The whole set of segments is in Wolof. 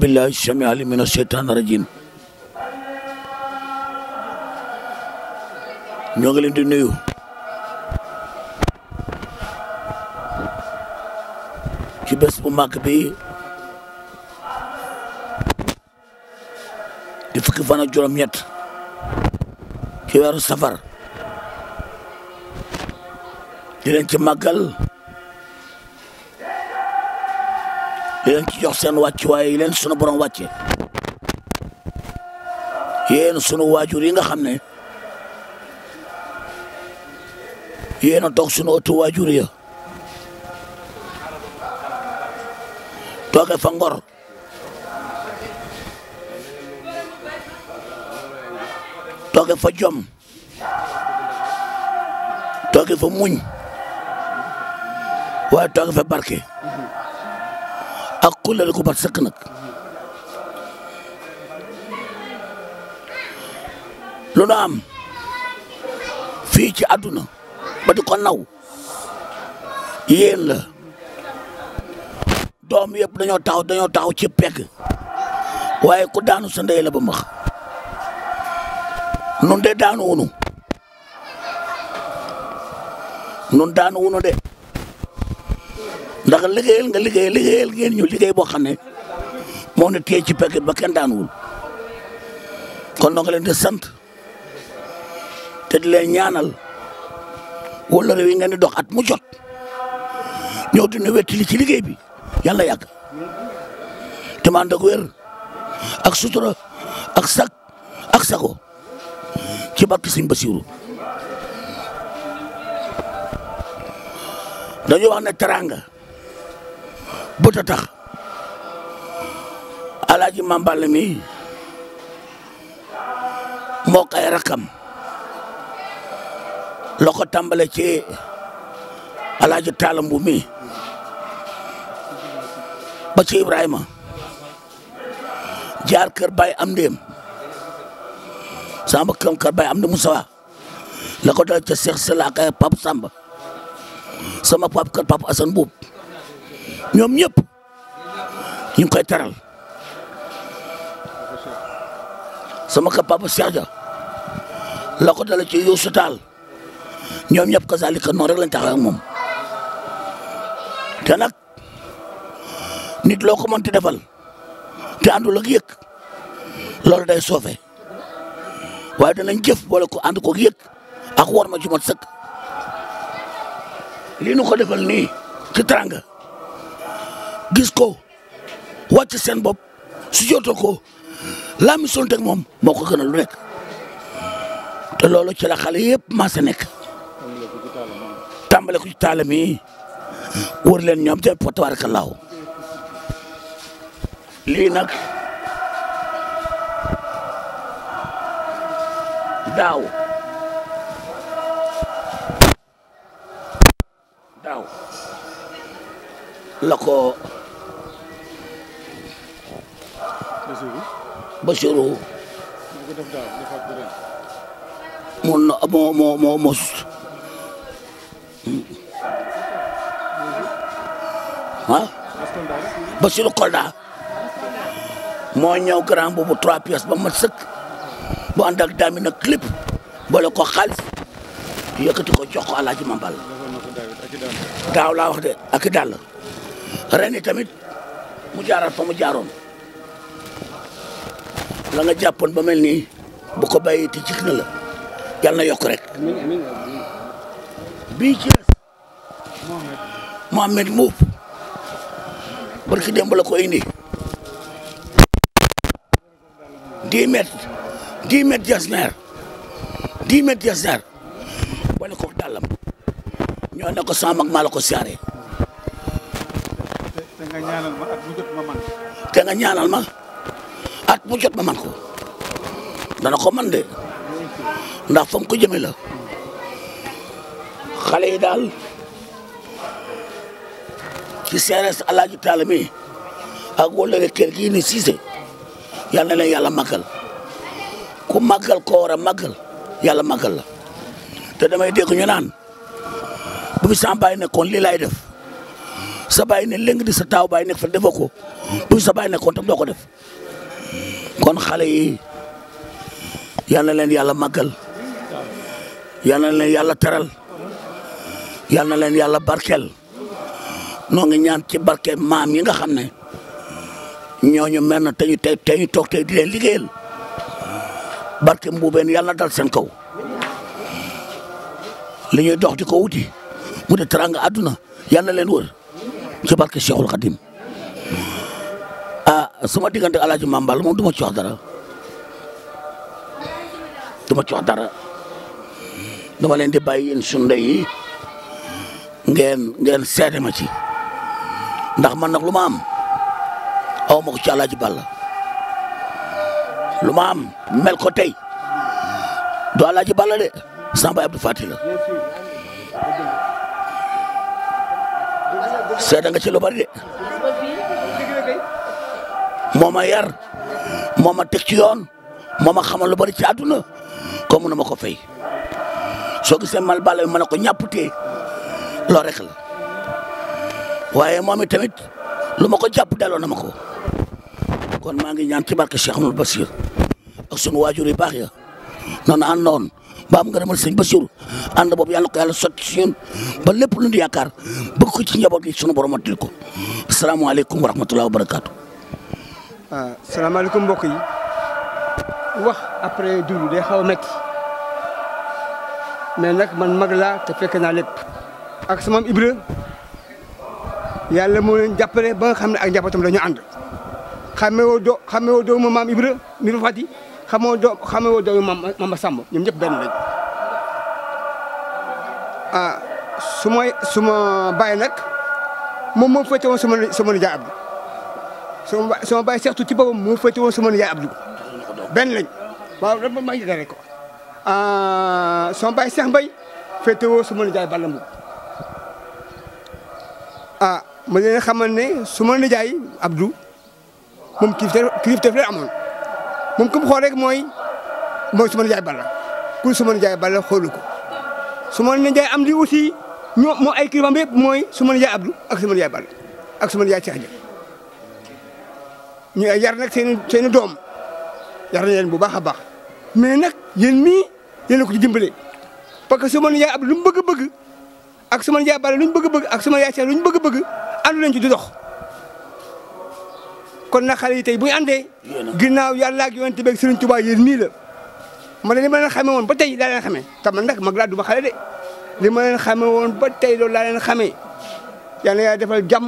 billahi sami ali min asheytan rajim ñoo ngi leen di nuyu ci bés bu màgg bi di fukki fan ak juróom ñett ci safar di leen ci màggal leen ci jox seen wàcc waaye leen sunu borom wàcce yéen sunu waajur yi nga xam ne yéen a toog sunu waajur ya tooge fa ngor tooge fa jom toog fa muñ waaye tooge fa barke ak kullale gu bat sëkk nag lu am fii ci àdduna ba di ko naw yéen la doom yëpp dañoo taxaw dañoo taxaw ci pegg waaye ku daanu sa ndey la ba nun de daanu wunu nun daanu wunu de ndax liggéeyal nga liggéey liggéeyal ngeen ñu liggéey boo xam ne moo ne téye ci pekk ba kenn daanuwul kon noo nga leen di sant te di leen ñaanal wala réew yi ngeen di dox at mu jot ñëw dina wettali ci liggéey bi yàlla yàgg te ak wér ak sutura ak sag ak sago ci barke Sëñ Basiru dañu wax ne teranga bët a tax alaaji mi moo kay rakam la ko tàmbale ci alaaji taalambu mi ba ci Ibrahima jaar kër Baye am ndéem samba kam kër Baye am di Moussa la ko dal ca Cheikh Sala ak Pape Samba sama pap kër Pape Assane Boub ñoom ñëpp ñu ngi koy teral sama ka papa Cheikh Dia la dala ci Youssou Tall ñoom ñëpp kazalika noonu rek lañ taxaw ak moom te nit loo ko ti defal te àndul ak yëg loolu day soofe waaye danañ jëf boole ko ànd ko yëg ak war ma ci mot lii nu ko defal nii ci teraanga gis ko wàcc seen bopp su jotoo ko laa mi son moom moo ko gënal lu nekk te loolu ci la xale yëpp nekk tàmbale ko ci taalam yi wër leen ñoom te tabaarakallaahu lii nag daaw daaw Bachirou mun na moo moo moo mos ah Bachirou Kolda moo ñëw grand boobu trois pièces ba mat bu ànd ak daami nag clip ko xaalis yëkkati ko jox ko alaaji mambal daaw laa wax de ak i dàll tamit mu jaaral fa mu jaaroon la nga jàppoon ba mel nii bu ko bàyyi ti jig na la yàlla na yokk rek bii ci des Mohamed Mbuup barki démb la ko indi dix mètres dix mètres jasneer dix mètres jasneer wala ko dàllam ñoo ne ko sama mag ko siyaare te nga ñaanal ma at mu jot ma man ko dana ko man de ndax fam ko jëme la xale yi daal ci CRS Alaaji Taala mi ak wala kër gii ni Cissé yal na leen yàlla màggal ku màggal ko war a màggal yàlla màggal la te damay dégg ñu naan bu fi baay nekkoon lii laay def sa baay ne léegi di sa taaw baay nekk fa defoo ko bu sa baay nekkoon tam doo ko def kon xale yi yal na leen yàlla màggal yal na leen yàlla teral yal na leen yàlla barkeel noo ngi ñaan ci barke maam yi nga xam ne ñooñu mel na te ñu tey tey ñu toog di leen liggéeyal barke mbuubeen yàlla na dal seen kaw li ñuy dox di ko wuti mu di teranga àdduna yal na leen wër ci barke Cheikhul Khadim a ah, suma diggante El Hadj Mame duma moom wax dara du ma dara dama leen di bàyyi yéen sunu ngeen ngeen seede ma ci ndax man nag lu ma am aw ci El Hadj lu ma am mel ko tey du El Hadj Balla de Samba Abdou Fati la seede nga ci lu bari de. moo ma yar moo ma teg ci yoon moo ma xamal lu bari ci àdduna ko mun na ma ko fay soo gisee mal bàlla bi ma ne ko ñàpputee loo rek la waaye moom tamit lu ma ko jàpp delloo na ma ko kon maa ngi ñaan ci barke Cheikh Amadou Bassir ak sunu waajur yu baax ya noonu àndoon ba am nga demal sëñ Bassir ànd boobu yàlla ko yàlla sotti si ñun ba lépp lu ñu yaakaar bëgg ko ci njaboot gi sunu borom til ko asalaamaaleykum wa rahmatulah barakaatu. waaw ah, salaamaaleykum mbokk yi wax après du day xaw a métti mais nag man mag laa te fekk naa lépp. ak sama Ibra yàlla moo leen jàppale ba nga xam ne ak njabootam dañu ànd xamee woo doo xamee woo doomu maam Ibra mi fa fàtti xamoo doo xamee woo samo maam maam ñoom ñëpp benn lañ ah su ma su ma bàyyi nag moom moo féete woon sama sama nijaay Abdou sama sama baay Seex ci boppam moo féete woon sama nijaay Abdou benn waaw rek ma ngi rek quoi ah, sama baay Seex Mbay féete woo sama jaay Balla Mbuub ah ma leen xamal ne sama nijaay Abdou moom kilifteef la amoon moom ku mu xool rek mooy mooy sama nijaay Balla ku sama nijaay Balla xoolu ko sama nijaay am di aussi moo ay kilifam yëpp mooy sama nijaay Abdou ak sama nijaay Balla ak sama ñu yar nag seeni seen doom yar na bu baax a baax mais nag yéen mii yéen a ko ci dimbale parce que sama yaay ab lu mu bëgg bëgg ak sama yaay bale lu ñu bëgg bëgg ak sama yaay seex lu ñu bëgg bëgg àndu leen ci du dox kon na xale yi tey bu ñu àndee ginnaaw yàlla ak yonent beeg Sëriñ Tuubaa yéen mii la ma ne li ma leen xamee woon ba tey laa leen xamee te man nag mag laa du ma xale de li ma leen xamee woon ba tey loolu laa leen xamee yal na yàlla defal jàmm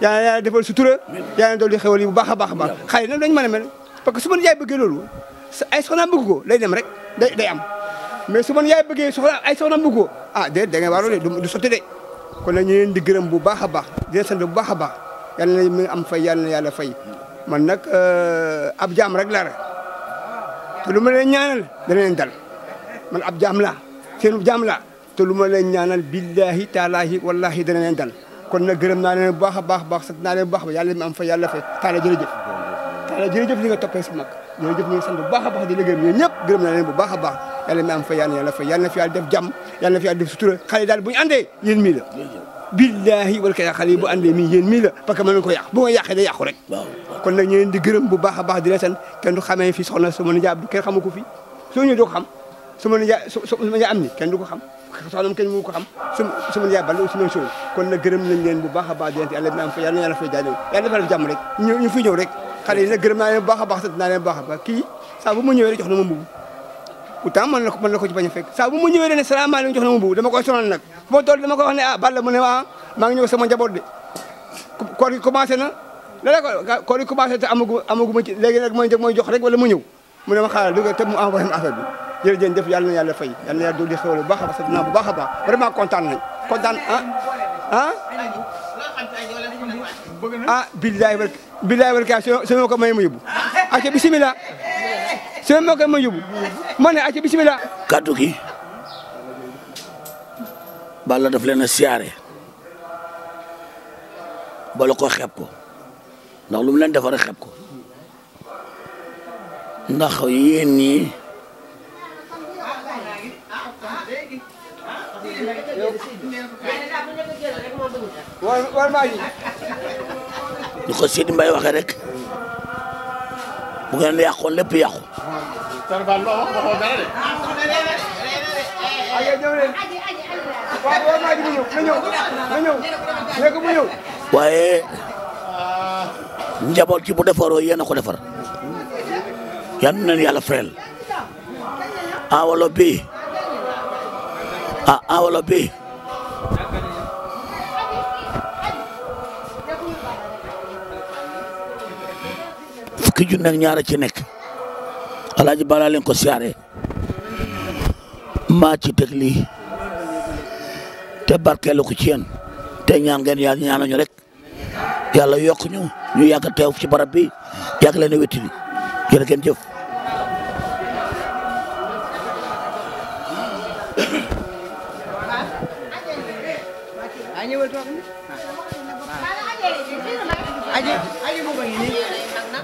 yal na yàlla defal sutura yal na dolli xew yi bu baax a baax a baax xëy na dañu mën a mel parce que su ma yaay bëggee loolu ay soxnaam bëgg ko lay dem rek day am mais su ma yaay bëggee soxna ay soxnaam bëgg ko ah déet da ngay waaroo de du sotti de kon nag ñu leen di gërëm bu baax a baax di leen sant bu baax a baax yal na mi am fay yal na yàlla fay man nag euh, ab jaam rek laa rek te lu ma leen ñaanal dana dal man ab jaam laa seen jaam laa te lu ma leen ñaanal billahi taalaahi wallahi dana leen dal kon nag gërëm naa leen bu baax a baax baax sant naa leen bu baax ba yàlla mi am fa yàlla fay taala jërëjëf taala jërëjëf li nga toppee su mag jërëjëf ñu ngi sant bu baax a baax di bu baax baax yàlla mi am fa yàlla yàlla fay yàlla na fi yàlla def na fi yàlla def sutura xale daal bu ñu àndee yéen mii la billahi wala kay xale yi bu àndee mii yéen mii la parce que mën ko yàq bu rek kon nag ñu leen di gërëm bu baax a baax di la sant kenn du xamee fi soxna sama nijaay kenn xamu ko fi soo ñëwee doo ko xam sama nijaay sama am ni kenn du ko xam soxnaam kenn mënu ko xam su su ma yàbbal aussi même chose kon na gërëm nañ leen bu baax a baax yonent yàlla bi am fa yàlla na yàlla fay jaajëf yàlla defal jàmm rek ñu ñu fi ñëw rek xale yi nag gërëm naa leen bu baax a baax sant naa leen bu baax a baax kii saa bu ma ñëwee rek jox na ma mbubu pourtant mën na ko mën na ko ci bañ a fekk saa bu ma ñëwee rek ne salaamaaleykum jox na ma mbubu dama koy sonal nag fu ma toll dama koy wax ne ah Balla mu ne ah maa ngi ñëw sama njaboot de koor gi commencé na léeg-léeg koor gi commencé te amagu amagu ma ci léegi nag mooy jox rek wala mu ñëw mu ne ma xaaral du te mu envoyé ma affaire bi jërëjëf def yàlla na yàlla fay yàlla na yàlla dolli xéwal bu baax a baax sant naa bu baax a baax vraiment kontaan nañ kontaan ah ah ah billaay barke billaay barke su ma ko may ma yóbbu acca bisimilah su ma ko may yóbbu ma ne acca bisimilah kaddu gi bala daf leen a siyaare bala ko xeeb ko ndax lu mu leen defar a ko ndax yéen ñu ko Sidi waxee rek bu ngeen lépp yàqu. waaye njaboot ci bu defaroo yéen a ko defar yan nañu yàlla fayal ah enveloppe ah, bi fukki junne ak ñaar ci nekk alaaji balaa leen ko siyaare maa ci teg lii te barkeelu ko ci yéen te ñaan ngeen yaa ñaanañu rek yàlla yokk ñu ñu yàgg teew ci bara bi yàgg leen a wéttili jërë ngeen jëf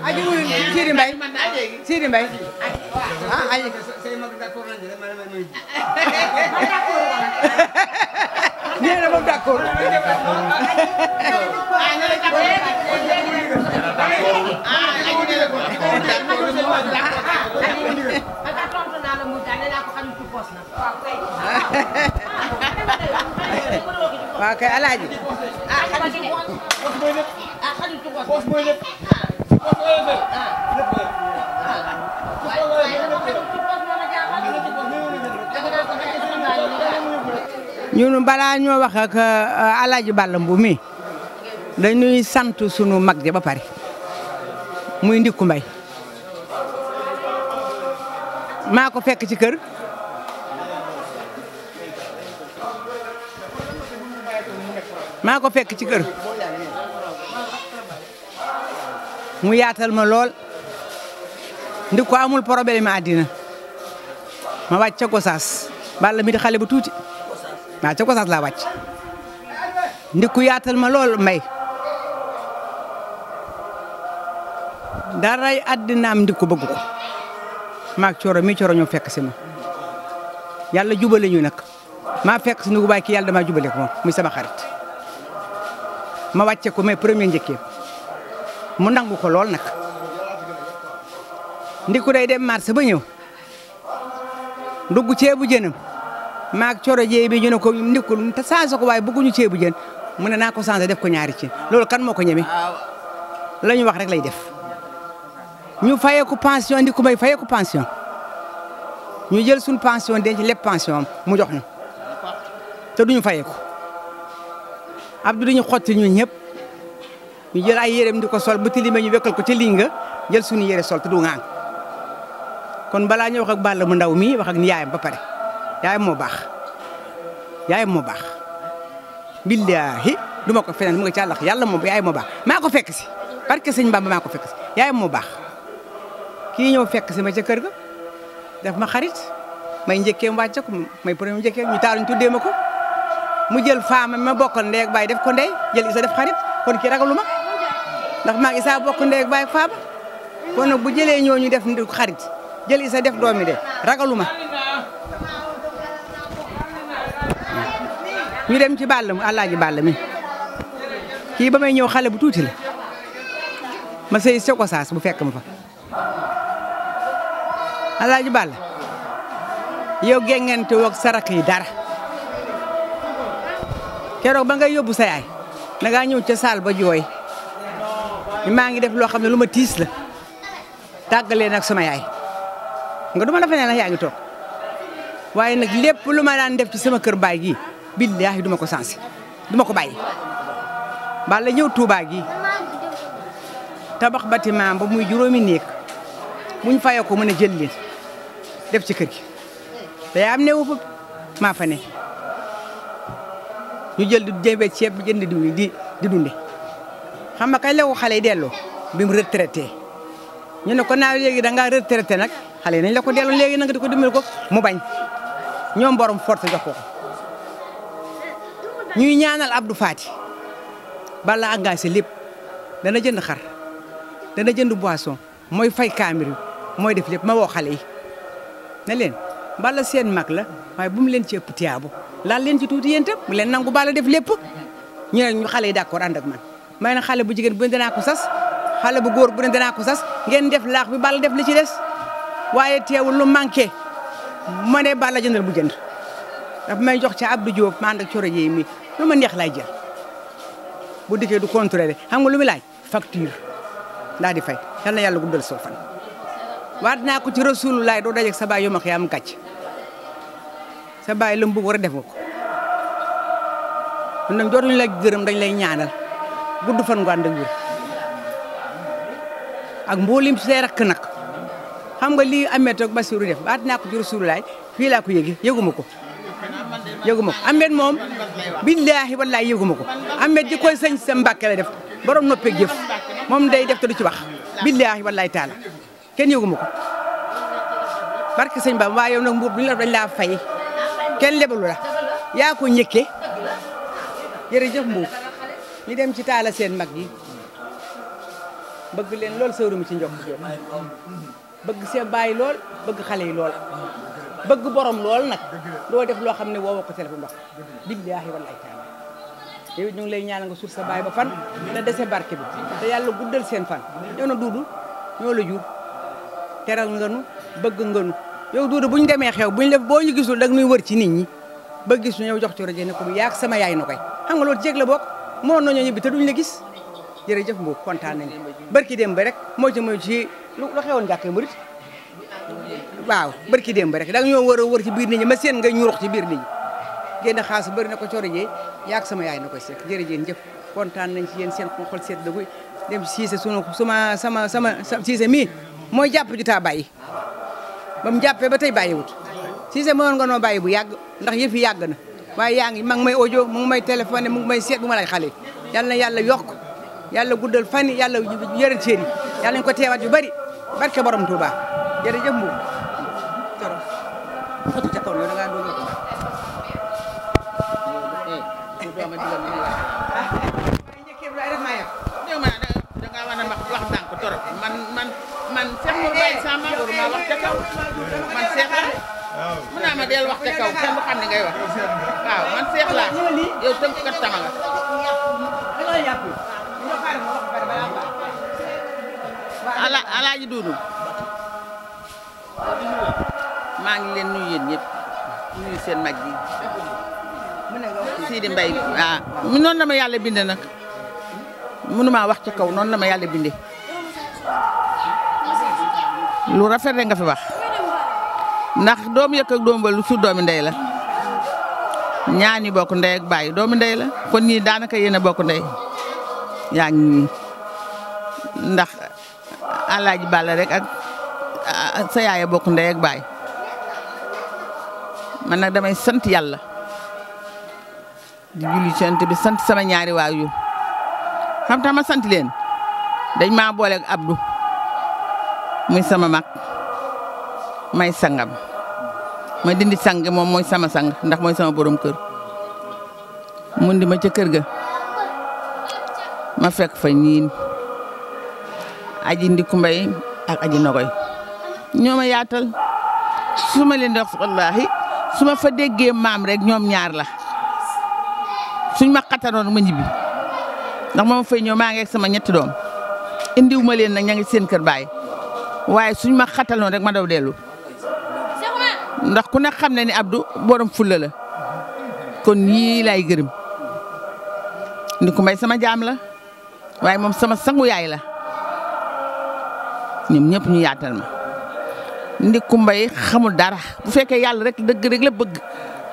aji wul Sidi Mbaye Sidi Mbaye ah aji nee na moom d'accord waaw kay alaaji ci poos ñun balaa ñoo wax ak euh, alaaji Balla mi dañuy sant sunu mag ja ba pare muy Ndikku Mbay maa ko fekk ci kër maa ko fekk ci kër mu yaatal ma lool ndi ko amul problème àddina ma wàcc ca Gosaas balla mi di xale bu tuuti waaw ca Gosaas la wàcc ndi ku yaatal ma lool mbay daray àddinaam ndi ko bëgg ko maak coro mi coro fekk si ma yàlla jubale ñu nag maa fekk si nugu baay ki yàlla damaa jubale ko moom muy sama xarit ma wàcce ko mais premier njëkkeem mu nangu ko lool nag ndiku day dem marché ba ñëw dugg ceebu jënam maag coro jee bi ñu ne ko ndikul te changé ko waaye bëgguñu ceebu jën mu ne naa ko changé def ko ñaari cin loolu kan moo ko ñeme la ñu wax rek lay def ñu fayeeku ko pension ndiku may fayee ko ñu jël suñ pension denc lépp pension mu jox ñu te duñu fayee ko du dañu xotti ñu ñëpp ñu jël ay yéreem di ko sol bu tilimee ñu wekkal ko ca ligne nga jël suñu yére sol te du ŋaang kon balaa ñëw wax ak Balla mu ndaw mi wax ak ni yaayam ba pare yaayam moo baax yaayam moo baax. billaahi du ma ko feneen mu nga ci àllax yàlla moom yaayam moo maa ko fekk si parce que sëñ Bamba maa ko fekk si yaayam moo baax kii ñëw fekk si ma ca kër ga def ma xarit may njëkkeem wàcce ko may premier njëkkeem ñu taaluñ tuddee ma ko. mu jël faama ma bokkal ndey baay def ko ndey jël isa def xarit kon kii ragalu ma ndax maa ngi Issa bokk ndey ak baay faaba kon nag bu jëlee ñooñu def ndi xarit jël Issa def doomi de ragaluma ñu dem ci bàll mu àllaaji bàll mi kii ba may ñëw xale bu tuuti la ma sëy soko saas bu fekk ma fa àllaaji bàll yow gengente woog sarak yi dara keroog ba nga yóbbu sa yaay da ngaa ñëw ca saal ba jooy maa ngi def loo xam ne lu ma tiis la tàggalee nag sama yaay nga duma dafa ne la yaa ngi toog waaye nag lépp lu ma daan def ci sama kër baay gii gi billaahi duma ko sensé duma ko bàyyi bala la ñëw Touba gi tabax bâtiment ba muy juróomi néeg buñ fayoo ko mën a jël leen def ci kër gi te am ne wu maa fa ne ñu jël di jëfee ceeb bi jënd diw di di dunde xam nga kañ la ko xale yi delloo bi mu retraité ñu ne ko naa léegi da ngaa nag xale yi nañ la ko delloo léegi nag di ko dimbali ko mu bañ ñoom borom force jox ko ñuy ñaanal ab Abdou Fati bala engagé lépp dana jënd xar dana jënd boisson mooy fay kaamir mooy def lépp ma woo xale yi ne leen bala seen mag la waaye bu mu leen ci ëpp tiyaabu laal leen ci tuuti yéen tam mu leen nangu bala def lépp ñu ne ñu xale yi d'accord ànd ak man may na xale bu jigéen bu ne danaa ko sas xale bu góor bu ne danaa ko ngeen def laax bi balla def li ci des waaye teewul lu manqué ma ne balla jëndal bu jënd daf may jox ca ab Diop ma ànd ak coro yi mi lu ma neex lay jël bu dikkee du contrôler xam nga lu muy laaj facture ndaa di fay yal na yàlla guddal soo fan waat naa ko ci rasulullah doo dajeeg sa baay yu ma xëy am gàcc sa baay la mu war a def nga ko kon nag dootuñu la gërëm dañ lay ñaanal gudd fan gu ànd ak wér ak mboolim see rakk nag xam nga lii Ameth ak Bassirou def baat naa ko ci Rasulullaay fii laa ko yëgi yëguma ko yëguma ko Ameth moom billaahi wallaahi yëguma ko Ameth di koy sëñ sa Mbàkke def borom noppeeg jëf moom day def te du ci wax billaahi wallaahi taala kenn yëguma ko barke sëñ Ba waaye yow nag mbuub dañ laa fay kenn lebalu la yaa ko ñëkke jërëjëf mbuub ñu dem ci taala seen mag yi bëgg leen lool sëwru mu ci njokk jóg bëgg see bàyyi lool bëgg xale yi lool bëgg borom lool nag doo def loo xam ne woo ko téléphone wax billaahi wallaahi taala ñu ngi lay ñaanal nga sa baay ba fan te dese barke bi te yàlla guddal seen fan ñoo na duudu ñoo la jur teral nga nu bëgg nga nu yow duudu bu ñu demee xew bu ñu def boo ñu gisul dag nuy wër ci nit ñi ba gis ñu ñëw jox ci rajo ne ko yaak sama yaay na koy xam nga loolu la bokk mënoon nañoo ñibbi ta duñ la gis jërëjëf Mbow kontaan nañu barki dem ba rek moo ci moo ci lu xewoon jàkkee murit waaw barki dem ba rek da ñoo war a wër ci biir nit ñi ma seen nga ñurox ci biir nit ñi génn xaalis bëri na ko coro jee yaag sama yaay na koy seet jërëjëf jëf kontaan nañ ci yéen seen xol seet la koy dem siise sunu suma sama sama siise mii mooy jàpp ju taa bàyyi ba mu jàppee ba tey bàyyiwut siise mënoon nga noo bàyyi bu yàgg ndax yëf yi yàgg na waaye yaa ngi ma may audio mu may téléphoné mu ngi may seet bu ma lay xale yàlla na yàlla yokk yàlla guddal fan yi yàlla yëral cër ko teewaat yu bari barke borom Touba jërëjëf Mbour. man mun naa ma del wax ca kaw kenn du xam ngay wax waaw man seex laa yow tënkkat sama nga. ala alaaji maa ngi leen nuyu yéen ñëpp nuyu seen mag yi Sidi Mbaye ah noonu la ma yàlla binde nag mënuma wax ci kaw noonu la ma yàlla binde lu rafet rek nga fi wax. ndax doom yëkk ak doom ba lu suur doomi ndey la ñaa ñi bokk ndey ak doom doomu ndey la kon ñii daanaka yéen a bokk ndey yaa ngi ñii ndax alaaji bàlla rek ak sa yaay a bokk ndey ak bàyyi man nag damay sant yàlla di julli sant bi sant sama ñaari waajur xam tax ma sant leen dañ maa booleeg Abdou muy sama mag may sangam ma dindi sang moom mooy sama sang ndax mooy sama borom kër mu ndi ma ca kër ga ma fekk fa ñiin aji ndiku mbay ak aji ñoom ñoo su ma leen di wax wallaahi su ma fa déggee maam rek ñoom ñaar la suñ ma xatanoon ma ñibbi ndax moom fay ñëw maa ngi ak sama ñetti doom indi ma leen na ña ngi seen kër baay waaye suñ ma xataloon rek ma daw dellu. ndax ku ne xam ne ni Abdou borom fulla la kon yii laay gërëm ni ku mbay sama jaam la waaye moom sama sangu yaay la ñoom ñépp ñu yaatal ma ndi kumbay xamul dara bu fekkee yàlla rek dëgg rek la bëgg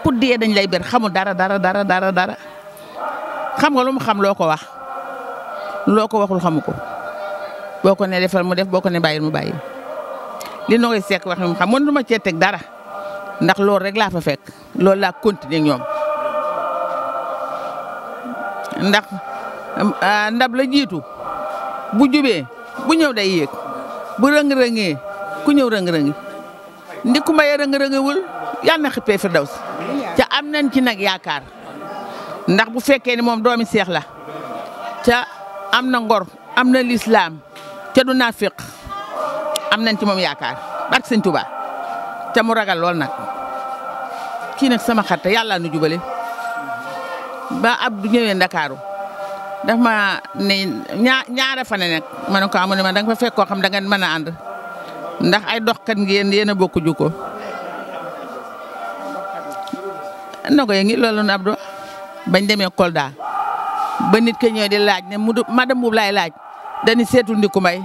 pour dee dañ lay ber xamul dara dara dara dara xam nga lu mu xam loo ko wax loo ko waxul xamu ko boo ko ne defal mu def boo ko ne bàyyil mu bàyyi li noo koy sekk wax mu xam mënuma cee teg dara ndax loolu rek laa fa fekk loolu laa continuer ñoom ndax ah, ndab la jiitu bu jubee bu ñëw day yéeg bu rëng-rëngee ku ñëw rëng-rëngi ndi ku mbayee rëng-rëngiwul yàlla na xippee firdaws ca am nañ ci nag yaakaar ndax bu fekkee ni moom doomi seex la ca am na ngor am na lislaam ca du naafiq am nañ ci moom yaakaar barke sëñ te mu ragal lool nag kii nag sama xarit yàlla nu jubale ba Abdou ñëwee Ndakaaru daf ma ne ñaar ñaara fa ne ma ne ko ne ma danga fa fekk koo xam danga mën a ànd ndax ay doxkat ngeen yéen a bokk jukko na ko ngi loolu na Abdou bañ demee Kolda ba nit ke ñëw di laaj ne ma madame Mbuub laay laaj dañu seetu ndiku mbay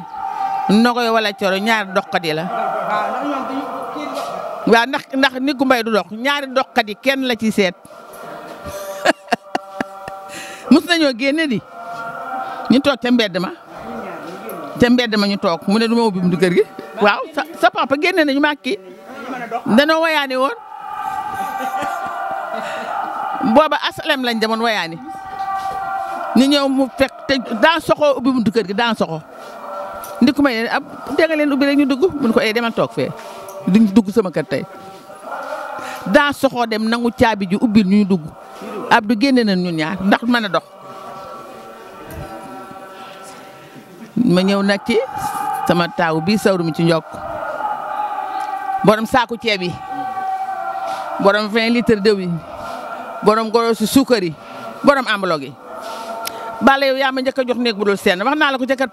nogoy wala coro ñaar doxkat yi la waaw ndax ndax ni ku du dox ñaari doxkat yi kenn la ci seet mus nañoo génne di ñu toog ca mbedd ma ca mbedd ma ñu toog mu ne du ma ubbi buntu kër gi waaw sa sa génne nañu ma ak kii danoo wayaani woon booba asalem lañ demoon wayaani ñu ñëw mu fekk te daan soxoo ubbi buntu kër gi daan soxoo ndi ku may ne ab leen ubbi rek ñu dugg mun ko ay eh, demal toog fee duñ dugg sama kër tey daa soxoo dem nangu caabi ji ubbil ñuy dugg Abdou génne na ñu ñaar ndax mën a dox. ma ñëw nag ci sama taaw bii sawru mi ci njokk borom saaku ceeb yi borom 20 litres dëw yi borom goroosu suukar yi borom ambaloog yi. Balla yow yaa ma njëkk a jox néeg bu dul senn wax naa la ko ca kër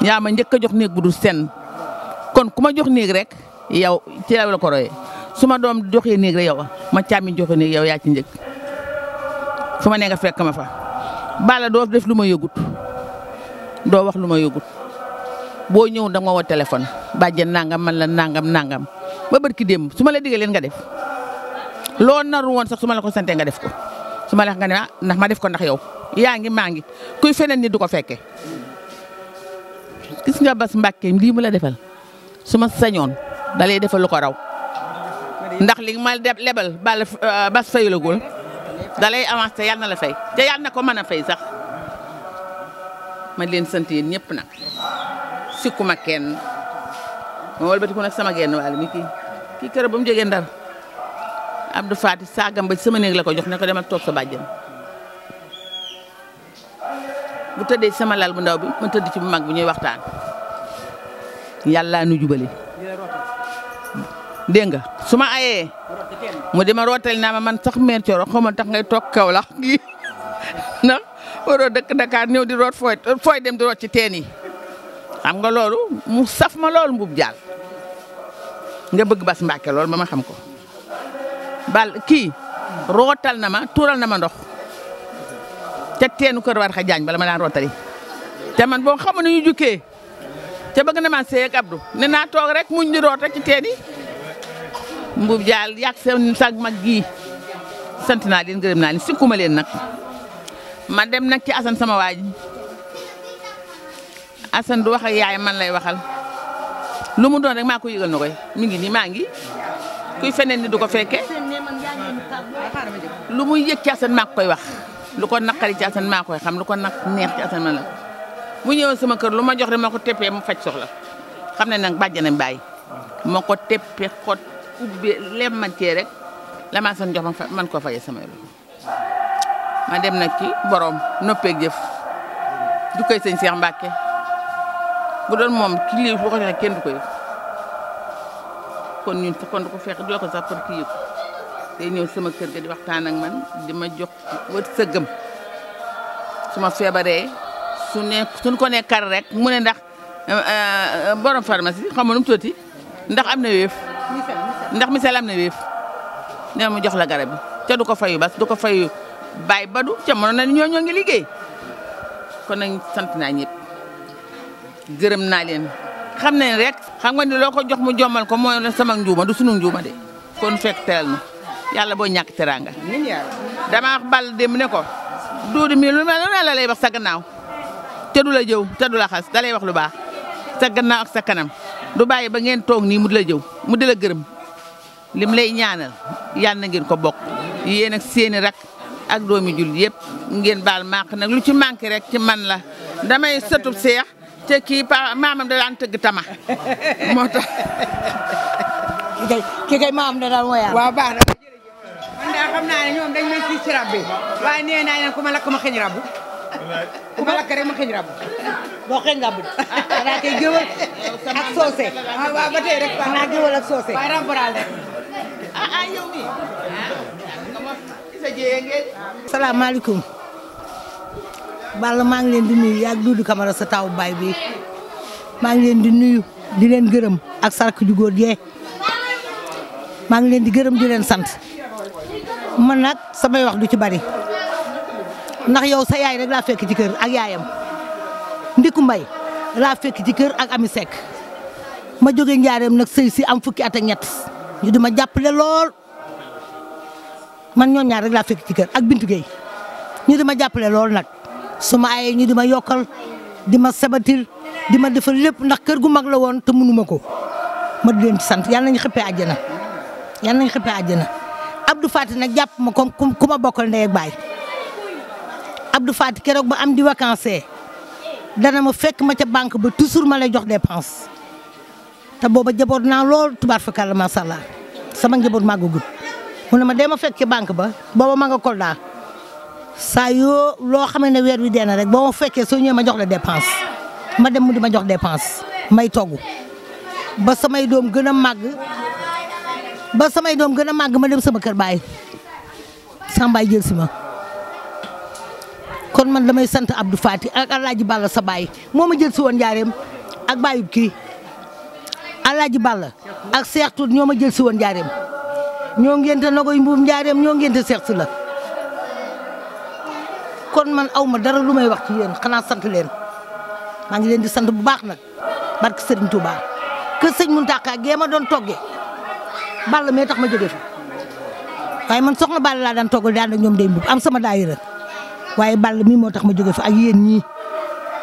yaa ma njëkk jox néeg bu dul senn. kon ku ma jox néeg rek yow ci law la ko royee su ma doom joxee néeg rek yow ma càmmiñ joxe néeg yow yaa ci njëkk fu ma nee nga fekk ma fa bala doo def lu ma yogut doo wax lu ma yëgut boo ñëw da nga woo téléphone bàjjen nangam man la nangam nangam ba ki démb su ma la digee leen nga def loo naru woon sax su ma la ko sante nga def ko su ma la nga ne ah ndax ma def ko ndax yow yaa ngi maa ngi kuy feneen ni du ko fekke gis nga bas Mbàkke lii mu la defal su ma señoon da defalu ko raw ndax li ma lebal bal euh, ba fayulagul da lay avancé yàlla na la fay te yàlla na ko mën a fay sax ma leen sant yéen ñëpp nag sikkuma kenn ma walbatiku nag sama genn wàll mi kii kii kër ba mu jógee ndar Abdou Fati saagam ba sama néeg la ko jox ne ko demal toog sa bàjjen bu tëddee sama lal bu ndaw bi ma tëdd ci bu mag bu ñuy waxtaan. yàllaa nu jubali dégg nga su ma ayee mu di ma rootali naa ma man sax meer coro xaw tax ngay toog kaw la ndax waroo dëkk Dakar di root fooy fooy dem di root ci teen yi xam nga loolu mu saf ma loolu mbub jaal nga bëgg bas Mbàkke loolu ba ma xam ko bal kii rootal na ma tuural na ma ndox te teenu kër war xa jaañ bala ma daan rootali te man boo xamu ne ñu jukkee te bëgg na maa seey ak Abdou ne naa toog rek muñ di root rek ci teen yi jaal yàgg seen sag mag gii sant naa leen gërëm naa leen sikkuma leen nag ma dem nag ci Assane sama waa ji Assane du wax ak yaay man lay waxal lu mu doon rek maa ko yëgal na koy mi ngi nii maa ngi kuy feneen ni du ko fekke lu muy yëg ci Assane maa koy wax lu ko naqari ci Assane maa koy xam lu ko naq neex ci Assane man la bu ñëwoon sama kër lu ma jox rek ma ko teppee mu faj soxla xam ne nag bàjjanam bàyyi ma ko teppee xot ubbi lem man cee rek la maa son jox ma man koo fajee sama loxo ma dem nag ci boroom noppeeg jëf du koy sëñ Cheikh Mbacke bu doon moom ki lii boo ko joxee kenn du ko yëg kon ñun kon du ko fekk doo ko sax pour kii yëg day ñëw sama kër ga di waxtaan ak man di ma jox wër sëggam su ma feebaree su ne suñ ko nekkar rek mu ne ndax eh, eh, borom pharmacie xam nu mu tuuti ndax am na wéef ndax misaal am na wéef nee mu jox la garab bi ca du ko fayu bas du ko fayu bàyyi badu ca mënoon na ñoo ñoo ngi liggéey kon nañ sant naa ñëpp gërëm naa leen xam nañ rek xam nga ni loo ko jox mu jommal ko mooy sama njuuma du sunu njuuma de kon fekk teral na yàlla boo ñàkk teraanga dama bal dem ne ko duudi mi lu mel ne la lay wax sa te du la jëw te du la xas da wax lu baax sa gannaaw ak sa kanam du bàyyi ba ngeen toog nii mu di la jëw mu di la gërëm lim lay ñaanal yal na ngeen ko bokk yéen ak seeni rak ak doomi jul yépp ngeen baal màq nag lu ci manqué rek ci man la damay sëtub seex te kii pa maamam da daan tëgg tama moo tax. ki kay maamam da daan woyaat. waaw baax na. man daal naa ñoom dañ may si ci waaye nee naa leen ku ma lakk ma xëñ rabu. ku ma lakk rek ma xëñ ah, ah, ah, maa ngi leen di nuyu yaag Doudou Camara sa taw baay bi maa ngi leen di nuyu di leen gërëm ak sarak ju góor jee maa ngi leen di gërëm di leen sant mën nag samay wax du ci bari ndax yow sa yaay rek laa fekk ci kër ak yaayam ndiku mbay laa fekk ci kër ak ami sekk ma jóge njaareem nag sëy si am fukki at ak ñett ñu di ma jàppale lool man ñoom ñaar laa fekk ci kër ak Bintu Gueye ñu di ma jàppale lool nag su ma ayee ñu di ma yokkal di ma sabatil di ma defal lépp ndax kër gu mag la woon te mënuma ko ma di leen ci sant yàlla nañu xëppee àjjana yàlla na xëppee àjjana Abdou Faty nag jàpp ma comme ku ma bokkal ndey baay Abdou Faty keroog ba am di vacances dana ma fekk ma ca banque ba toujours ma lay jox dépense te booba jaboot naa lool tubaar fakàlla macha allah sama njaboot maa ko gudd mu ma dee ma fekk ci banque ba booba ma kol Kolda saa yoo loo xamee ne weer wi dee na rek boo ma fekkee soo ñëwee ma jox la dépense ma dem mu di ma jox dépense may togg ba samay doom gën a màgg ba samay doom gën a màgg ma dem sama kër baay Samba jël si kon man damay sant Abdou faati ak Alaaji Balla sa baay moo ma jël si woon njaareem ak bàyyub kii Alaaji Balla ak Seex Tuut ñoo ma jël si woon njaareem ñoo ngente nagoy mbuum njaareem ñoo ngente seex si la kon man aw ma dara lu may wax ci yéen xanaa sant leen maa ngi leen di sant bu baax nag barke Serigne Touba kër sëñ Mountakha gee ma doon toggee Balla mee tax ma jóge fi waaye man soxna Balla laa daan toggal daan ak ñoom day mbuub am sama daayira waaye ball mii moo tax ma jóge fa ak yéen ñii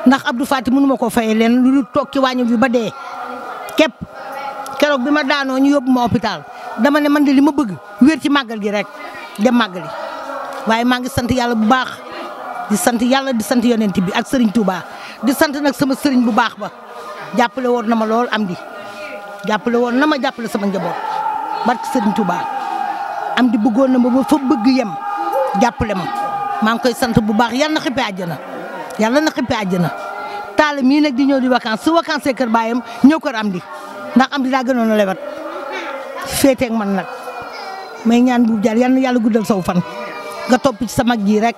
ndax Abdou Faty mënu ma ko fayee leen lu toog ci waañu bi ba dee képp keroog bi ma daanoo ñu yóbbu ma hôpital dama ne man de li ma bëgg wér ci màggal gi rek dem màggali waaye maa ngi sant yàlla bu baax di sant yàlla di sant yonent bi ak Serigne baax di sant nag sama Serigne bu baax ba jàppale woon na ma lool am di jàppale woon na ma jàppale sama njaboot barke Serigne Touba am di bëggoon na ma ba fa bëgg yem jàppale ma. maa ngi koy sant bu baax yal na xippi àjjana yal na xippi àjjana taale mii nag di ñëw di vacances su vacances kër baayam ñëw kër am di ndax am di daa gënoon a lewat féeteeg man nag may ñaan bu jaar yal na yàlla guddal saw fan nga topp ci sa mag ji rek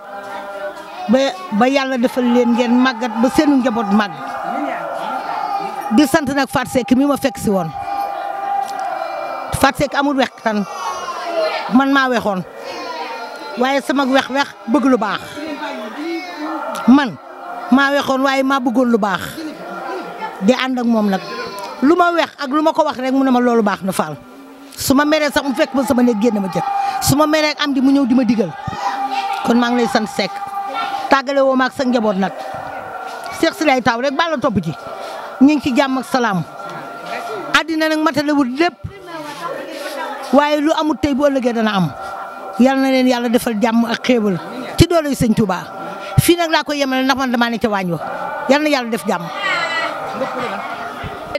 ba ba yàlla defal leen ngeen màggat ba seenu njaboot màgg di sant nag Fatou Seck mi ma fekk si woon Fatou Seck amul wex man ma wexoon waaye sama wex-wex bëgg lu baax man maa wexoon waaye maa bëggoon lu baax di ànd ak moom nag lu ma wex ak lu ma ko wax rek mu ne ma loolu baax na faal su ma meree sax mu fekk ma sama néeg génn ma jëkk su ma meree am di mu ñëw di ma digal kon maa ngi lay sant Seck tàggale woo ma ak sa njaboot nag Seex si lay taw rek bala topp ci ñu ngi ci jàmm ak salaam àddina nag matalewul lépp waaye lu amul tey bu ëllëgee dana am. yal na leen yàlla defal jàmm ak xéewal ci doole yu sëñ Touba fii nag laa ko yemale ndax man damaa ne ca waañ wa yal na yàlla def jàmm.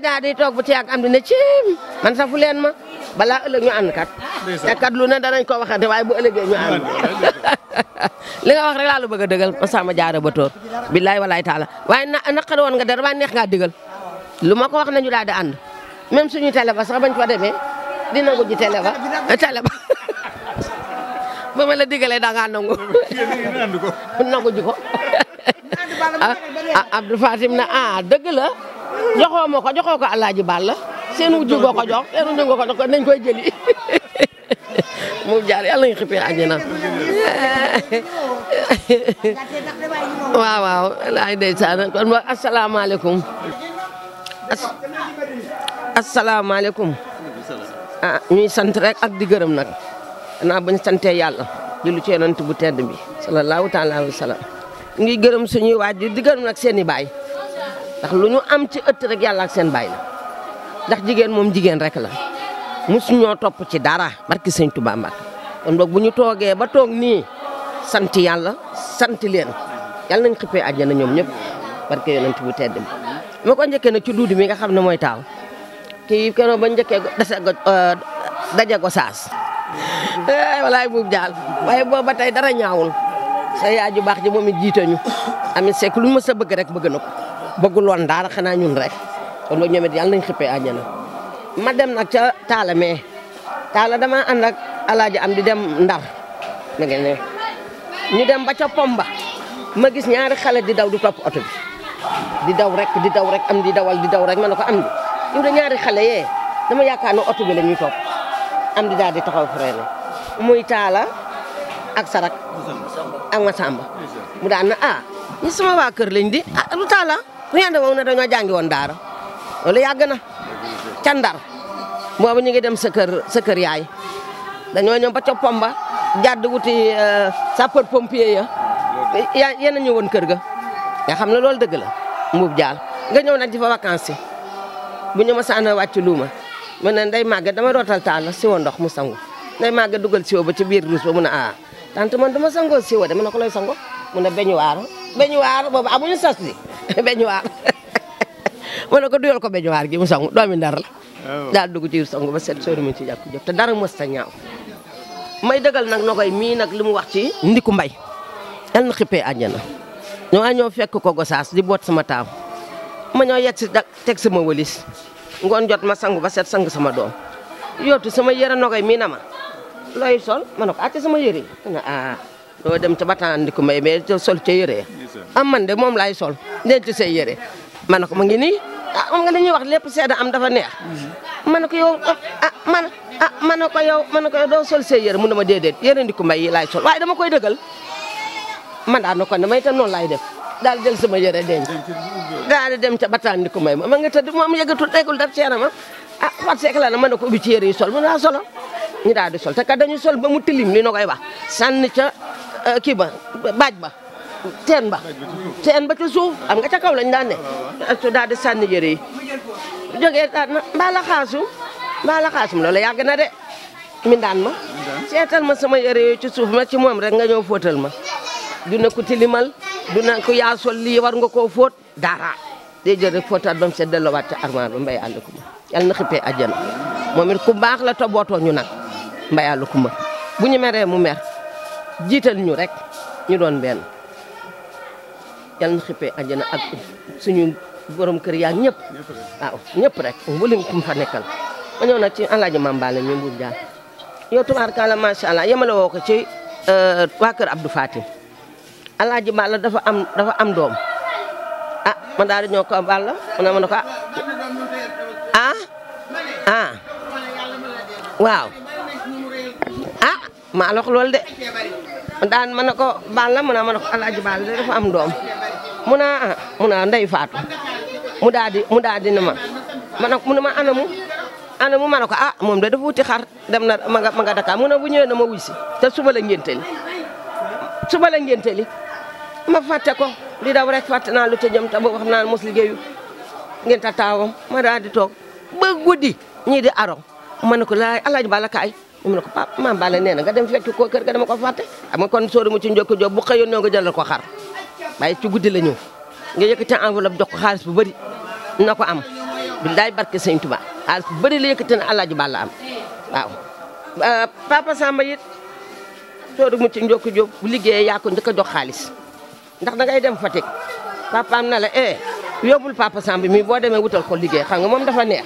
daa di toog bu ci yàgg am di ne ciim man safu leen ma balaa ëllëg ñu ànd kat. lu ne danañ ko waxante waaye bu ëllëgee ñu ànd li nga wax rek laa la bëgg a dëgal Masamba jaar ba tóor billaay walaay taala waaye na naqari woon nga dara waaye neex ngaa dëgal lu ma ko wax nañu daal di ànd même suñu télé ba sax bañ fa demee dina ko ji ba ba ma la digalee da ngaa nangu. nangu ji ko. ah Abdou Fatim ne ah, ko joxoo ko Alaaji Balla seen wujj nga ko jox seen wujj nga ko jox nañ koy jëli mu jaar yàlla nga waaw waaw laay ndeysaan kon ma asalaamaaleykum asalaamaaleykum ah ñuy sant rek ak di gërëm nag naa bañ santee yàlla lu ci yonent bu tedd bi salallaahu taala wa salaam ngi gërëm suñuy waajur di gërëm nag seen baay ndax lu ñu am ci ëtt rek yàlla ak seen baay la ndax jigéen moom jigéen rek la mosu ñoo topp ci dara barki sëñ Tuubaa Mbàkke kon boog bu ñu toogee ba toog nii sant yàlla sant leen yàlla na xippee àjjana ñoom ñëpp barke yonent bu tedd bi ma ko njëkkee nag ci duudi mi nga xam ne mooy taaw kii kenoo ba njëkkee dase euh, daje go Eh, wallaay buub jaal waaye booba tey dara ñaawul sa yaay ju baax ji moom i jiite ñu amit sekk lu ma sa bëgg rek bëgg na ko bëggul woon dara xanaa ñun rek kon loolu ñoom it yàlla nañ xippee àjjana ma dem nag ca taala mais taala dama ànd ak am di dem ndar ma ngi ne ñu dem ba ca pomba ma gis ñaari xale di daw di topp oto di daw rek di daw rek am di dawal di daw rek ma ne ko am di ñu de ñaari xale yee dama yaakaar ne oto bi la ñuy topp am di daal di taxaw freiné muy taala ak sarak ak masamba mu daan na ah ñi sama kër lañ di ah lu taala bu ñeen moom ne dañoo jàngi woon daara loolu yàgg na ca Ndar boobu ñu ngi dem sa kër sa kër yaay dañoo ñëw ba ca Pomba jàdd wuti eh, sapeur pompier ya ya yéen a ñëwoon kër ga nga xam ne loolu dëgg la mbuub jaal nga ñëw nag di fa vacances bu ñu saana wàcc luuma mën ne nday màgget dama dootal taal siwo ndox mu sangu nday màgget dugal siwo ba ci biir ruus ba mu ne ah tante man dama sangoo siwo de mu ne ko lay sango mu ne beñuwaar beñuwaar boobu amuñu sas di beñuwaar mu ne ko duyal ko beñuwaar gi mu sangu doomi ndar la oh. daal dugg ci sangu ba set sori mu ci jàpp jot te dara mës ta ñaaw may dëggal nag nogoy mii nag li mu wax ci ndiku mbay yal na xippee àjjana ñoo ñoo fekk ko saas di boot sama taaw ma ñoo yegg si teg sama walis ngoon jot ma sangu ba set sang sama doom yottu sama yére nogay mii na ma looy sol ma ne a ah sama yére yi doo dem ca bataan di ko may mais sol ca yére ya ah man de moom laay sol denc say yére ma ne ko ma ngi nii ah nga dañuy wax lépp seeda am dafa neex mm-hmm. ma ne ko yow ah, ah man ah ma ne ko yow ma doo sol say yére mun ne ma déedéet yére di ko may yi laay sol waaye dama koy dëggal ma daa na ko ne may te noonu laay def. daal jël sama yére denc daal di dem ca bataan ni ko may ma ma nga tëdd moom yëgatul tegul daf cee na ma ah wat seek la na mën na ko ubbi ci yére yi sol mu naa ah, solo ñu daal di sol te kat dañu sol ba mu tilim li na koy wax sànni ca euh, kii ba baaj ba teen ba teen ba ca suuf am nga ca kaw lañ daan ne su daal di sànni yére yi jógee daal na mbaa la xaasu mbaa la xaasum loolu yàgg na de mi daan ma seetal ma sama yére yooyu ca suuf ma ci moom rek nga ñëw fóotal ma du na ko tilimal du na ko lii war nga koo fóot dara day jël rek fóotaat ba mu set delloowaat ca armoire ba mbay àll kuma yàlla na xippee àjjana moom it ku baax la tobootoo ñu nag mbay àll kuma bu ñu meree mu mer jiital ñu rek ñu doon benn yàlla na xippee àjjana ak suñu borom kër yaa ñëpp waaw ñëpp rek mbulim kum fa nekkal ma ñëw nag ci alaaji mambaale ñu mbur jaar yow tubaarkalla macha allah yemale woo ko ci euh, waa kër Abdou Fatim alaaji Balla dafa am dafa am doom ah ma daal di ñëw ko Balla ma ne ma na ko ah ah, ah waaw a ah, ma lox loolu de daan ma ne ko Balla ma ne ma ne ko alaaji Balla dafa am doom mu ne a ah, mu ne ndey faatu mu daal di mu daal di ne ma ma ne mu ne ma anamu anamu ma ne ko ah moom da dafa wuti xar dem na ma nga ma nga mu ne bu ñëwee na ma wuy si te suba la ngénte li suba la ngénte li ma fàtte ko di daw rek fàtte naa lu ca jëm te boobu xam naa mos liggéeyu ngeen ta taawam ma daal di toog ba guddi ñii di aro ma ne ko la alaaj bala kaay mu ne ko pap maam bala nee na nga dem fekk ko kër ga dem ko fàtte am kon sóoru mu ci njokki job bu xëyoon noo nga jëlal ko xar waaye ci guddi la ñëw nga yëkkati enveloppe jox ko xaalis bu bëri na ko am billaay barke sëñ Tuba xaalis bu bëri la yëkkati na alaaj bala am waaw euh, papa Samba it sóoru mu ci njokki job xaalis ndax dangay dem Fatick papaam na la eh yóbbul papa Samb mi boo demee wutal ko liggéey xam nga moom dafa neex.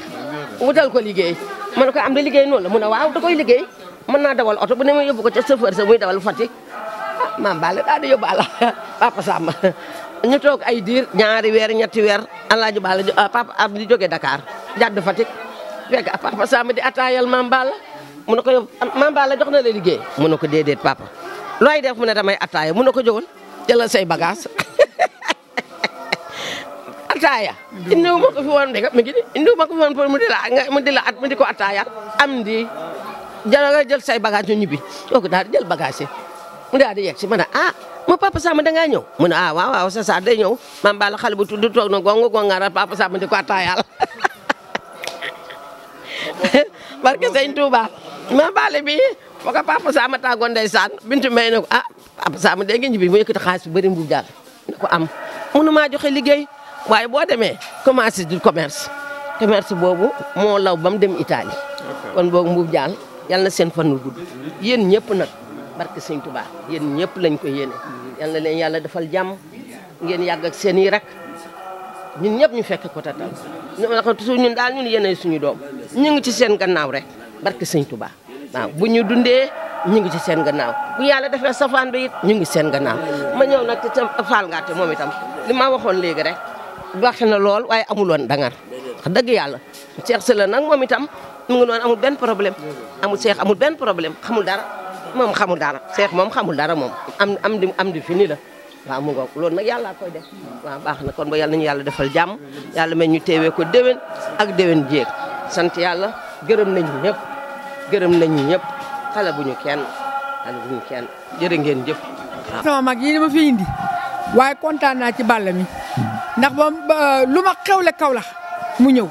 wutal ko liggéey ma ne ko am na liggéey noonu la mun ne waaw da koy liggéey mën naa dawal oto bu ne ma yóbbu ko ca chauffeur sa muy dawal Fatick ah maam Balla daal di yóbbu ala papa ñu toog ay diir ñaari weer ñetti weer alaaju Balla ah, papa am di jógee Dakar jàdd Fatick fekk papa Samb di attaayal maam Balla mun ne ko yow maam la jox na la liggéey mu ne ko déedéet papa looy def mu ne damay attaaya mu ne ko jógal. jëlal say bagage ataaya indiwu ma ko fi woon de mi ngi ni indiwu ma ko fi woon pour mu di la mu di la at mu di ko ataaya am di jël jël say bagage ñu ñibbi kooku daal di jël bagage yi mu daal di yegg si ma ne ah mu papa Samba dangaa ñëw mu ne ah waaw waaw sa sa day ñëw maam Balla xale bu tudd toog na gongo gongaara papa Samba di ko ataayaal barke sëñ Touba maam Balla bi ba ko papa Sama tàggoon ndeysaan Bintu may ne ko ah papa Sama dégg nga ñibbi mu yëkkati xaalis bu bëri mu jàll ne ko am maa joxe liggéey waaye boo demee commencé du commerce commerce boobu moo law ba mu dem Italie. kon boog mbuub jaal yalla seen fan wu gudd. yéen ñëpp nag barke Sëñ Tuubaa yéen ñëpp lañ ko yéene. yal na leen yàlla defal jàmm ngeen yàgg ak seen i rek ñun ñëpp ñu fekk ko tatal ñun daal ñun yéenay suñu doom ñu ngi ci seen gannaaw rek barke Sëñ Tuubaa. waaw bu ñu dundee ñu ngi ci seen gannaaw bu yàlla defee safaan bi it ñu ngi seen gannaaw ma ñëw nag ci faal ngaate moom itam li ma waxoon léegi rek baax na lool waaye amuloon dangar wax dëgg yàlla Cheikh Sylla nag moom itam mu ngi noonu amul benn problème amul Cheikh amul benn problème xamul dara moom xamul dara Cheikh moom xamul dara moom am am di am di fini la waaw mu ngoog loolu nag yàlla koy def waaw baax na kon ba yàlla ñu yàlla defal jàmm yàlla mel ñu teewee ko déwén ak déwén jéeg sant yàlla gërëm nañu ñëpp gërëm nañu ñëpp xale bu ñu kenn xale bu ñu kenn jërë ngeen jëf. sama mag yi dama fi indi waaye kontaan naa ci bàll mi ndax moom lu ma xewle kaw la mu ñëw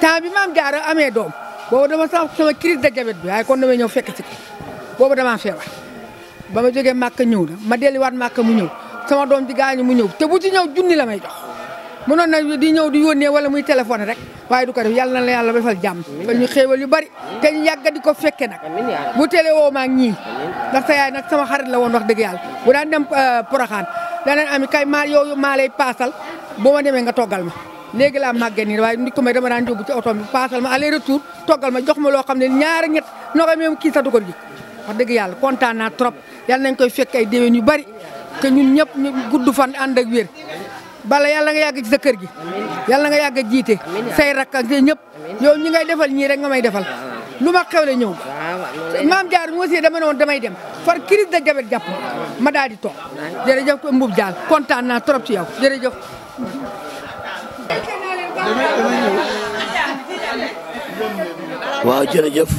temps bi maam jaara amee doom boobu dama sama sama crise de diabète bi waaye kon damay ñëw fekk ci ko boobu damaa feebar ba ma jógee màkk ñëw na ma delluwaat màkk mu ñëw sama doom ji gaañu mu ñëw te bu ci ñëw junni la may jox. mënoon na di ñëw di yónnee wala muy téléphone rek waaye du ko def yàlla na la yàlla fa jàmm ba ñu xéewal yu bari te ñu yàgg di ko woo maag ñii ndax sa yaay nag sama xarit la woon wax dëgg yàlla bu daan dem euh, Poroxaan daneen ami kay maa yow maa lay paasal boo demee nga toggal ma léegi laa màggee nii waaye ndi ko may dama daan jóg ci oto bi paasal ma aller retour toggal ma jox ma loo xam ne ñaari ñett noo koy même kii sax ko dëgg yàlla kontaan naa trop yàlla nañ koy fekk ay déwén yu bari te ñun ñëpp ñu gudd fan ànd ak wér bala yàlla nga yàgg ci sa kër gi nga yàgg jiite say rakk ak say ñëpp ñu ngay defal ñii rek nga may defal ah. lu ma xew le ñëw ah, maam jaar mu aussi dama ne woon damay dem far crise de diabète ma daal di toog ah. jërëjëf ko mbub jaal kontaan naa trop yow jërëjëf waaw jërëjëf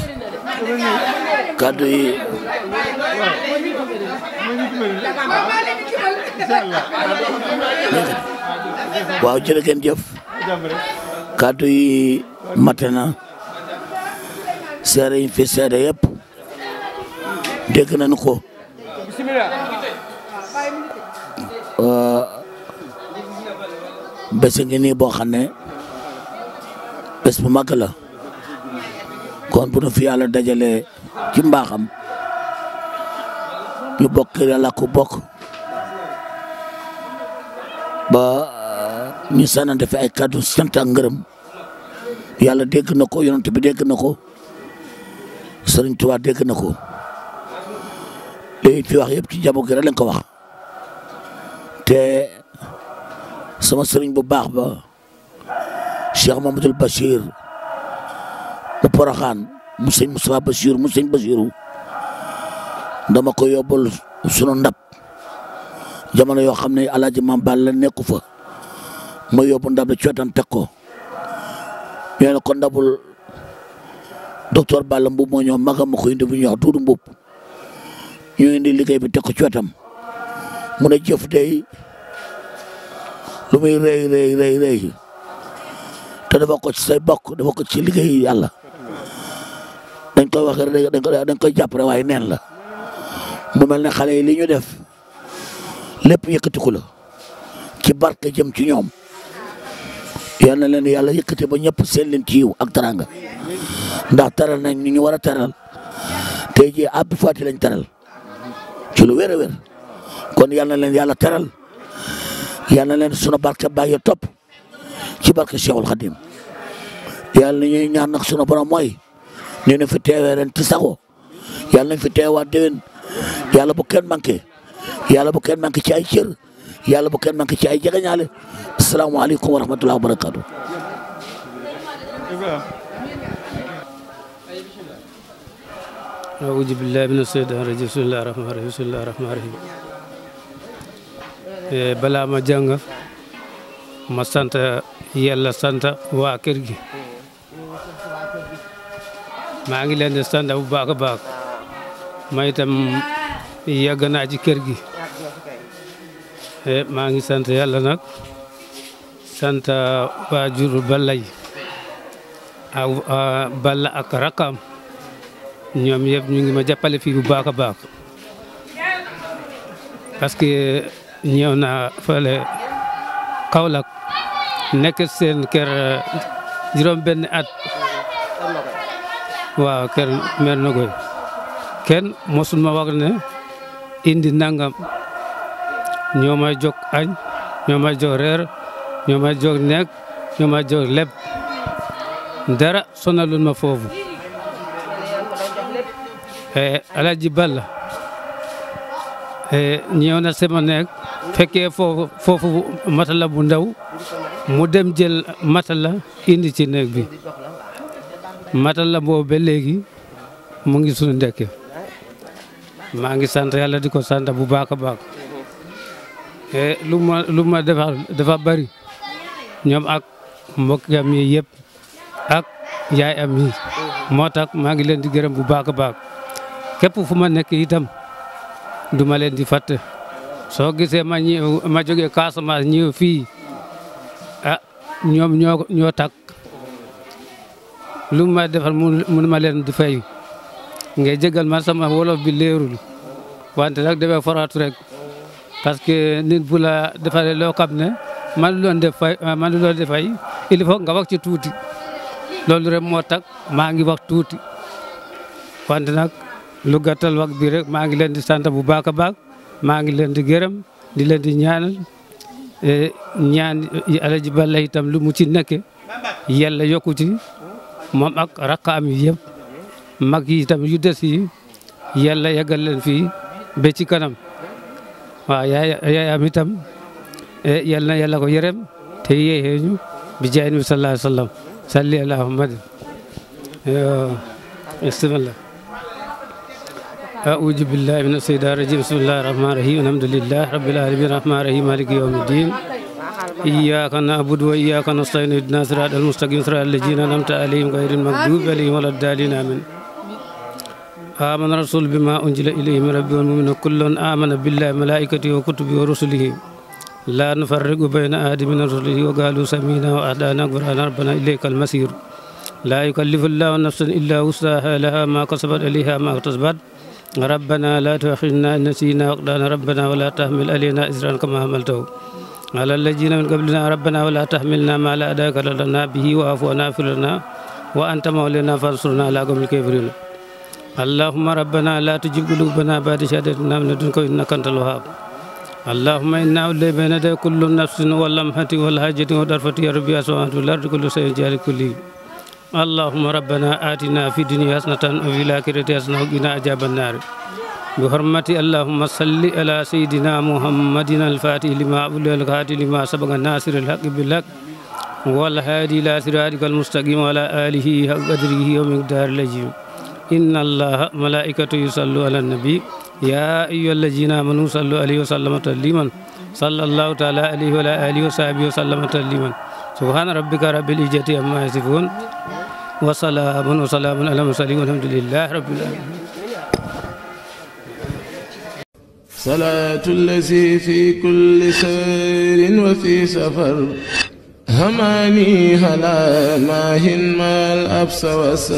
waaw jërë jëf kàddu yi mate na seere yi fi seere yëpp dégg nañ ko bés ngi nii boo xam ne bés bu mag la kon bu fi yàlla dajalee ci mbaaxam ñu bokk la ko ba ñu sànnante fi ay kàddu sant ak ngërëm yàlla dégg na ko yonent bi dégg na ko sëriñ Tuubaa dégg na ko léegi fi wax yëpp ci jabo gi rek lañ ko wax te sama sëriñ bu baax ba Cheikh Mamadou Bachir bu Poroxaan mu sëñ Moustapha Bachir mu sëñ Bachiru dama ko yóbbul sunu ndab jamono yoo xam ne alaaji ma Balla la nekku fa ma yóbbu ndab la cootan teg ko ñoo ne ko ndabul docteur Balla Mbuub moo ñëw magam ma ko indi bu ñuy wax Duudu Mbuub ñu indi liggéey bi teg ko cootam mu ne jëf day lu muy rëy rëy rëy te dafa ko ci say bokk dafa ko ci liggéey yàlla dañ koy wax dañ ko dañ koy jàppale waaye neen la mu mel ne xale yi li ñu def lépp yëkkatiku la ci barke jëm ci ñoom yal na leen yàlla yëkkati ba ñëpp seen leen ci yiw ak taranga ndax taral nañ ñu ñu war a taral tey jii abbi faati lañ taral ci lu wér a kon yal na leen yàlla taral yal na leen sunu barke bàyyi topp ci barke Cheikhul Khadim yàlla na ñuy ñaan nag sunu borom mooy ñu ne fi teewee ren ci sago yàlla nañ fi teewaat déwén yàlla bu kenn manqué. yàlla bu kenn manqué ci ay cër yàlla bu kenn manqué ci ay jegeñaale asalaamaaleykum wa rahmatulah wa barakaatu. auzu billaahi mina sheytaani rajiim bismillaahi rahmaani rahiim bismillaahi rahmaani rahiim eh, balaa ma jàng ma sant yàlla sant waa kër gi maa ngi leen di sant bu baax a baax ma itam yàgg naa ci kër gi maa ngi sant yàlla nag sant waajur Balla yi euh, Balla ak rakam ñoom yëpp ñu ngi ma jàppale fii bu baax a baax parce que ñëw naa fële Kaolack nekk seen kër euh, juróom benn at waaw kër mer kenn mosuma wax ne indi nangam ñoo may jox añ ñoo may jox reer ñoo may jox nekk ñoo may jox lépp dara sonalul ma foofu eh, Alaaji la eh, ñëw na sama nekk fekkee foofu matala bu ndaw mu dem jël matala indi ci néeg bi matala boobu ba léegi mu ngi sunu ndekke maa ngi sant yàlla di ko sant bu baax a baax lu ma lu ma defar dafa bari ñoom ak mbokkam yi yépp ak yaay am yi moo tax maa ngi leen di gërëm bu baax a baax képp fu ma nekk itam du ma leen di fàtte soo gisee ma ñëw ma jógee Casamance ñëw fii a ah, ñoom ñoo ñoo takk lu ma defal mun ma leen di fay ngay jégal ma sama wolof bi leerul wante nag dafay faratu rek. parce que nit bu la defalee loo xam ne man loon def fay euh, man def fay il nga wax ci tuuti loolu rek moo tax maa ngi wax tuuti wante nag lu gàttal wax bi rek maa ngi leen di sant bu baax a baax maa ngi leen di gërëm di leen di ñaanal e, ñaan alaji balla itam lu mu ci nekke yàlla yokku ci moom ak rakkaam yi yëpp mag yi itam yu des yi yàlla yeggal leen fii ba ci kanam waaw yaay am itam yal na yàlla ko yërëm te yéexee ñu bi jaay nabi sallallahu alayhi wa sallam salli ala muhammad bismillah أعوذ بالله من الشيطان الرجيم بسم الله الرحمن الرحيم الحمد لله رب العالمين الرحمن الرحيم مالك يوم الدين إياك نعبد وإياك نستعين اهدنا الصراط المستقيم صراط الذين أنعمت عليهم غير المغضوب عليهم ولا الضالين آمين amana rasul bima unzila ilayhi min rabbi wal mu'minuna kullun amana billahi malaikatihi wa kutubihi wa rusulihi la nufarriqu bayna ahadin min wa qalu samina wa ahdana ghufrana rabbana ilayka al-masir la nafsan illa wusaha laha ma kasabat alayha ma iktasabat rabbana la rabbana wala tahmil alayna isran kama hamaltahu على الذين من قبلنا ربنا ولا تحملنا ما لا داك لنا به واعف عنا واغفر لنا وانت مولانا اللهم ربنا لا تجب قلوبنا بعد شهادتنا من لدنك انك انت الوهاب اللهم انا اولي بين يدي كل نفس واللمحة والحاجة والدرفة يا ربي اسوات والارض كل شيء جاري كلي اللهم ربنا اتنا في الدنيا حسنة وفي الاخرة حسنة وقنا عذاب النار بحرمة اللهم صل على سيدنا محمد الفاتح لما اولي الغادي لما سبق الناصر الحق بالحق والهادي الى صراطك المستقيم وعلى اله حق قدره ومقدار العظيم inna allaha malaikatu yusallu ala nabi ya ayyuha allazina amanu sallu alayhi wa sallama tasliman sallallahu taala alayhi wa alihi wa sahbihi wa sallama tasliman subhana rabbika rabbil izzati amma yasifun wa salaamun wa salaamun ala mursalin walhamdulillahi rabbil alamin salaatu allazi fi kulli sayrin wa fi safar hamani hala mahin mal absa